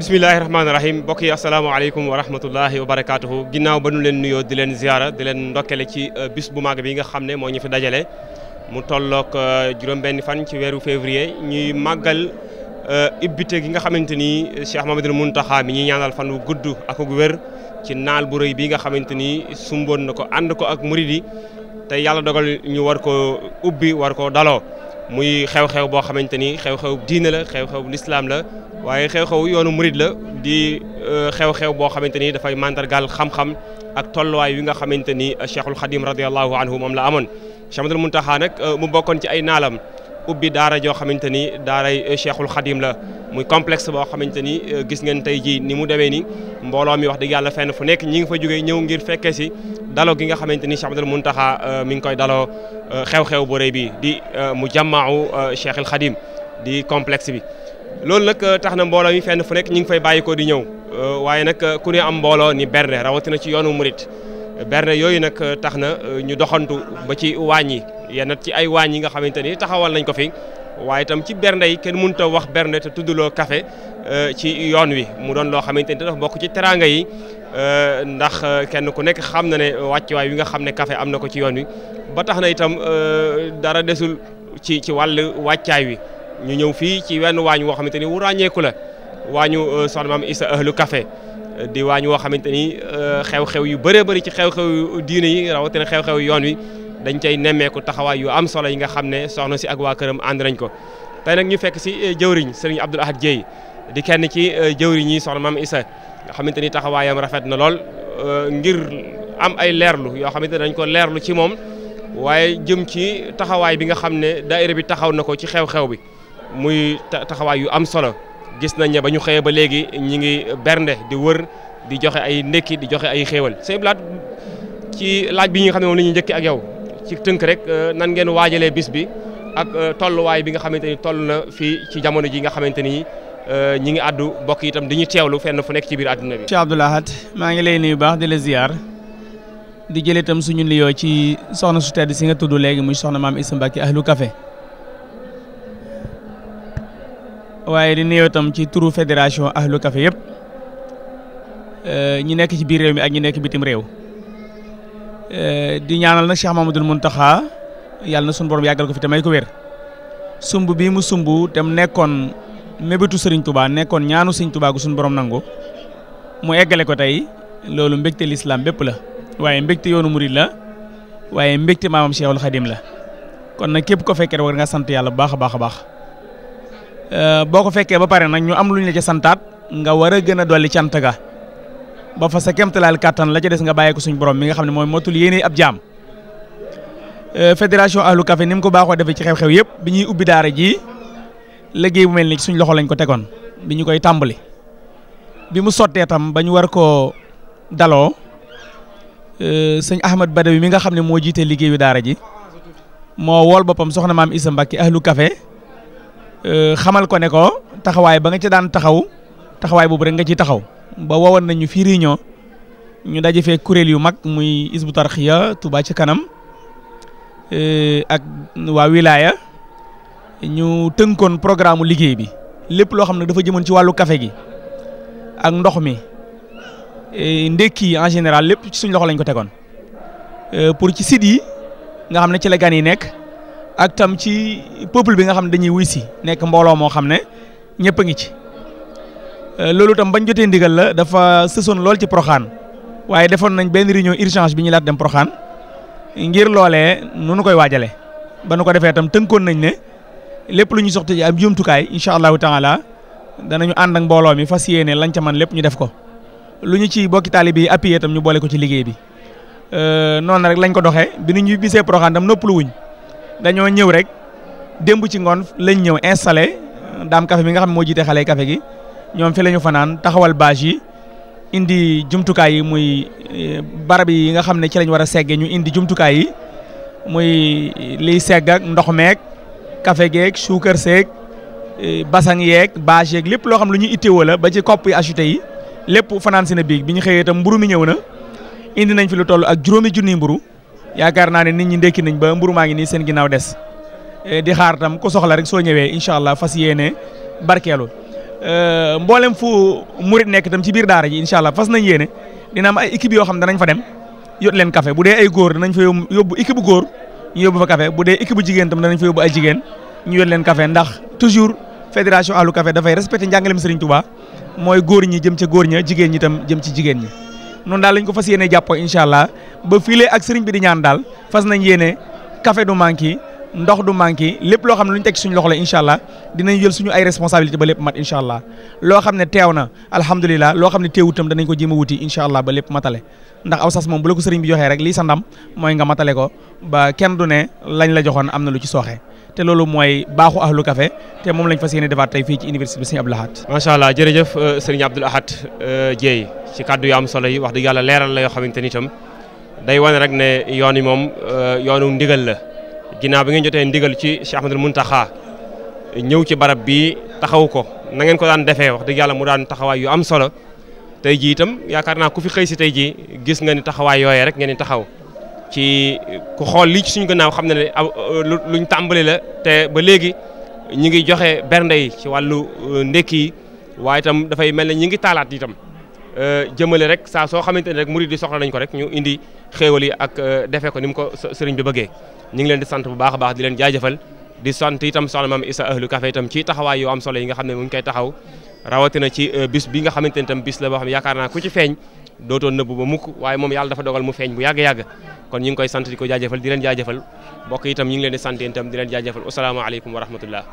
bisimilahi rahmaani rahim mbokk yi asalaamaaleykum wa rahmatullahi wa barakaatuhu ginnaaw ba nu leen nuyoo di leen ziara di leen ndokkele ci euh, bis bu màgg bi nga xam ne moo ñu fi dajale mu tollook euh, juróom-benn fan ci weeru février ñuy màggal euh, ubbite gi nga xamante ni Cheikh Mamadou Mountakha mi ñuy ñaanal fan wu gudd ak gu wér ci naal bu rëy bi nga xamante ni sumboon na ko ànd ko ak murid yi te yàlla dogal ñu war ko ubbi war koo daloo. muy xew-xew boo xamante ni xew-xew diine la xew-xew lislaam la waaye xew-xew yoonu murid la di euh, xew-xew boo xamante ni dafay mandargaal xam-xam ak tolluwaay wi nga xamante ni Cheikhul Khadim radiallahu anhu moom la amoon Cheikh Amadou Muntaha nag euh, mu bokkoon ci ay naalam ubbi daara joo xamante ni daaray euh, cheikhul xadim la muy complexe boo xamante ni euh, gis ngeen tey ji ni mu demee ni mbooloo mi wax dëgg yàlla fenn fu nekk ñi ngi fa jógee ñëw ngir fekkee si dalo gi nga xamante ni Cheikh mun Mountakha euh, mi ngi koy daloo xew-xew bu bi di mu jàmmaawu cheikhul xadim di complexe bi loolu nag tax na mbooloo mi fenn fu nekk ñi ngi fay bàyyi ko di ñëw waaye nag ku ne am mbooloo ni berne rawatina ci yoonu murit berne yooyu nag euh, tax na euh, ñu doxantu ba ci waañ yi yenn ci ay waañ yi nga xamante ni taxawal nañ ko fi waaye itam ci bernde yi kenn mënut a wax bernde te tudduloo café euh, ci yoon wi mu doon loo xamante ni dafa bokk ci teraanga yi ndax kenn ku nekk xam na ne wàccuwaay wi nga xam ne kafe am na ko ci yoon wi ba tax na itam dara desul ci ci wàllu wàccaay wi ñu ñëw fii ci wenn waañ woo xamante ni wu ràññeeku la waañu soxna maam Issa ahlu café di waañ woo xamante ni euh, xew-xew yu bëree bëri ci xew-xew diine yi rawatina xew-xew yoon wi dañ cay nemmeeku taxawaay yu am solo yi nga xam ne soxna si ak waa këram ànd nañ ko te nag ñu fekk si euh, jëwriñ sëriñ Abdoul Ahad Dieye di kenn ci euh, jëwriñ yi soxna maam isa nga xamante ni taxawaayam rafet na lool ngir am ay leerlu yoo xamante ne dañ ko leerlu ci moom waaye jëm ci taxawaay bi nga xam ne daayira bi taxaw na ko ci xew-xew bi muy taxawaay yu am solo gis nañ ne ba ñu xëyee ba léegi ñi ngi bernde di wër di joxe ay ndekki di joxe ay xéwal sëñ Blaat ci laaj bi ñuy xam ne moom la ñuy njëkki ak yow ci tënk rek euh, nan ngeen waajalee bis bi ak euh, tolluwaay bi nga xamante ni toll na fii ci jamono ji nga xamante ni euh, ñi ngi àddu mbokk itam dañuy teewlu fenn fu nekk ci biir àdduna bi. Cheikh Abdoul Ahad maa ngi lay nuyu baax di la ziar di jëlee itam suñu liyoo ci soxna su tedd si nga tudd léegi muy soxna maam Issa Mbacke ahlu café waaye di nuyoo tam ci turu fédération Ahlu Café yëpp euh, ñi nekk ci biir réew mi ak ñi nekk bitim réew euh, di ñaanal nag Cheikh mun Mountakha yàlla na sunu borom yàggal ko fi te may ko wér sumb bii mu sumb te mu nekkoon mébétu Serigne Touba nekkoon ñaanu Serigne Touba gu sunu borom nangu mu eggale ko tey loolu mbégte lislaam bépp la waaye mbégte yoonu murid la waaye mbégte maamam Cheikhul Khadim la kon nag képp ko fekkee war nga sant yàlla bu baax a baax a baax. Euh, boo ko fekkee ba pare nag ñu am lu ñu la ca santaat nga war a gën a dolli cant ga ba fa sa kemtalaal kàttan la ca des nga bàyyee ko suñu borom mi nga xam ne mooy motul yéene ab jaam. Euh, fédération ahlu café ko baaxoo defee ci xew-xew yëpp bi ñuy ubbi daara ji liggéey bu mel ni suñ loxo lañ ko tegoon bi koy tàmbali bi mu sottee tam ba ñu war koo daloo euh, sëñ Ahmad Badawi mi nga xam ne moo jiite liggéeyu daara ji moo wool boppam soxna maam Issa Mbacke ahlu kafe Euh, xamal ko ne ko taxawaay ba nga ci daan taxaw taxawaay boobu rek nga ci taxaw ba wowoon nañu fii réunion ñu daje fee kuréel yu mag muy Hizbut Tarqiyyah Touba ci kanam euh, ak waa wilaya ñu tënkoon programme liggéey bi lépp loo xam ne dafa jëmoon ci wàllu kafe gi ak ndox mi euh, ndékki en général lépp ci suñ loxo lañ ko tegoon pour ci site yi nga xam ne ci la yi nekk. ak tam ci peuple bi nga xam ne dañuy wuy si nekk mbooloo moo xam ne ñëpp a ngi ci euh, loolu tam bañ jotee ndigal la dafa sësoon lool ci proxaan waaye defoon nañ benn réunion urgence bi ñu laat dem proxaan ngir loolee nu koy waajale ba nu ko defee tam tënkoon nañ ne lépp lu ñu soxla ci am jumtukaay incha allahu taala danañu ànd ak mbooloo mi fas yéene lañ ca man lépp ñu def ko lu ñu ci bokki taalibe yi appuyé tam ñu boole ko ci liggéey bi euh, noonu rek lañ ko doxee bi ñu bisee proxaan tam noppalu wuñ dañoo ñëw rek démb ci ngoon lañ ñëw installé euh, daam café bi nga xam moo jiite xale kafe gi ñoom fi lañu fanaan taxawal bâche yi indi jumtukaay yi muy euh, barab yi nga xam ne ci lañ war a seggee ñu indi jumtukaay muy euh, liy segg ak ndox meeg kafe geeg suukar seeg basang yeeg bâche yeeg lépp loo xam lu ñu itteewoo la ba ci kopp yi acheté yi lépp fanaan si na biig bi ñu xëyee itam mburu mi ñëw na indi nañ fi lu toll ak juróomi junni mburu yaakaar naa ne nit ñi ndekki nañ ba mburu maa ngi nii seen ginnaaw des eh, di xaar tam ku soxla rek soo ñëwee incha allah fas yéene barkeelu eh, mboolem fu murit nekk itam ci biir daara ji incha allah nañ yéene dina am ay équipe yoo xam danañ fa dem yot leen café bu dee ay góor danañ fa yóbbu équipe bu góor ñu yóbbu fa café bu dee équipe bu jigéen tam danañ fa yóbbu ay jigéen ñu yot leen café ndax toujours fédération Ahlou Café dafay respecté njàngalem Serigne Touba mooy góor ñi jëm ca góor ña jigéen ñi tam jëm ci jigéen ñi noonu daal ba file ak sëriñ bi di ñaan daal fas nañ yéene kafe du manqué ndox du manqué lépp loo xam ne lu ñu teg suñu loxo la incha allah dinañ jël suñu ay responsabilité ba lépp mat incha allah loo xam ne teew na alhamdulilah loo xam ne teewut tam danañ ko jéem a wuti incha allah ba lépp matale ndax aw sas moom bu la ko sëriñ bi joxee rek lii sa ndam mooy nga matale ko ba kenn du ne lañ la joxoon am na lu ci sooxe te loolu mooy baaxu ahlu café te moom lañ fas yéene defaat tey fii ci université bi sëriñ Abdoul Ahad allah jërëjëf euh, sëriñ Abdoul Ahad euh, Dieye ci am solo yi wax dëgg yàlla leeral la yoo xamante ni tam day wane rek ne yoon yi moom euh, yoonu ndigal la ginnaaw bi ngeen jotee ndigal ci Cheikh Ahmadul taxaa ñëw ci barab bi taxaw ko na ngeen ko daan defee wax dëgg yàlla mu daan taxawaay yu am solo tey jii yaakaar naa ku fi si tey jii gis nga ni taxawaay yooyee rek ngeen di taxaw ci ku xool lii ci suñu gannaaw xam ne ne euh, luñ tàmbali la te ba léegi ñu ngi joxe bernde yi ci wàllu euh, ndekki yi waaye itam dafay mel ne ñu ngi taalaat itam Euh, jëmale rek saa soo xamante ne rek murid yi soxla nañ ko rek ñu indi xéewal ak euh, defee ko ni mu ko sëriñ bi bëggee ñu ngi leen di sant bu baax a baax di leen jaajëfal di sant itam soxna maam Issa ci taxawaay yoo am solo yi nga xam ne mu ngi koy taxaw rawatina ci euh, bis bi nga xamante ne tam bis la boo xam yaakaar naa ku ci feeñ dootoon nëbbu ba mukk waaye moom yàlla dafa dogal mu feeñ bu yàgg-yàgg kon ñu ngi koy sant di ko jaajëfal di leen jaajëfal mbokk itam ñu ngi leen di sant itam di leen jaajëfal asalaamaaleykum a rahmatullah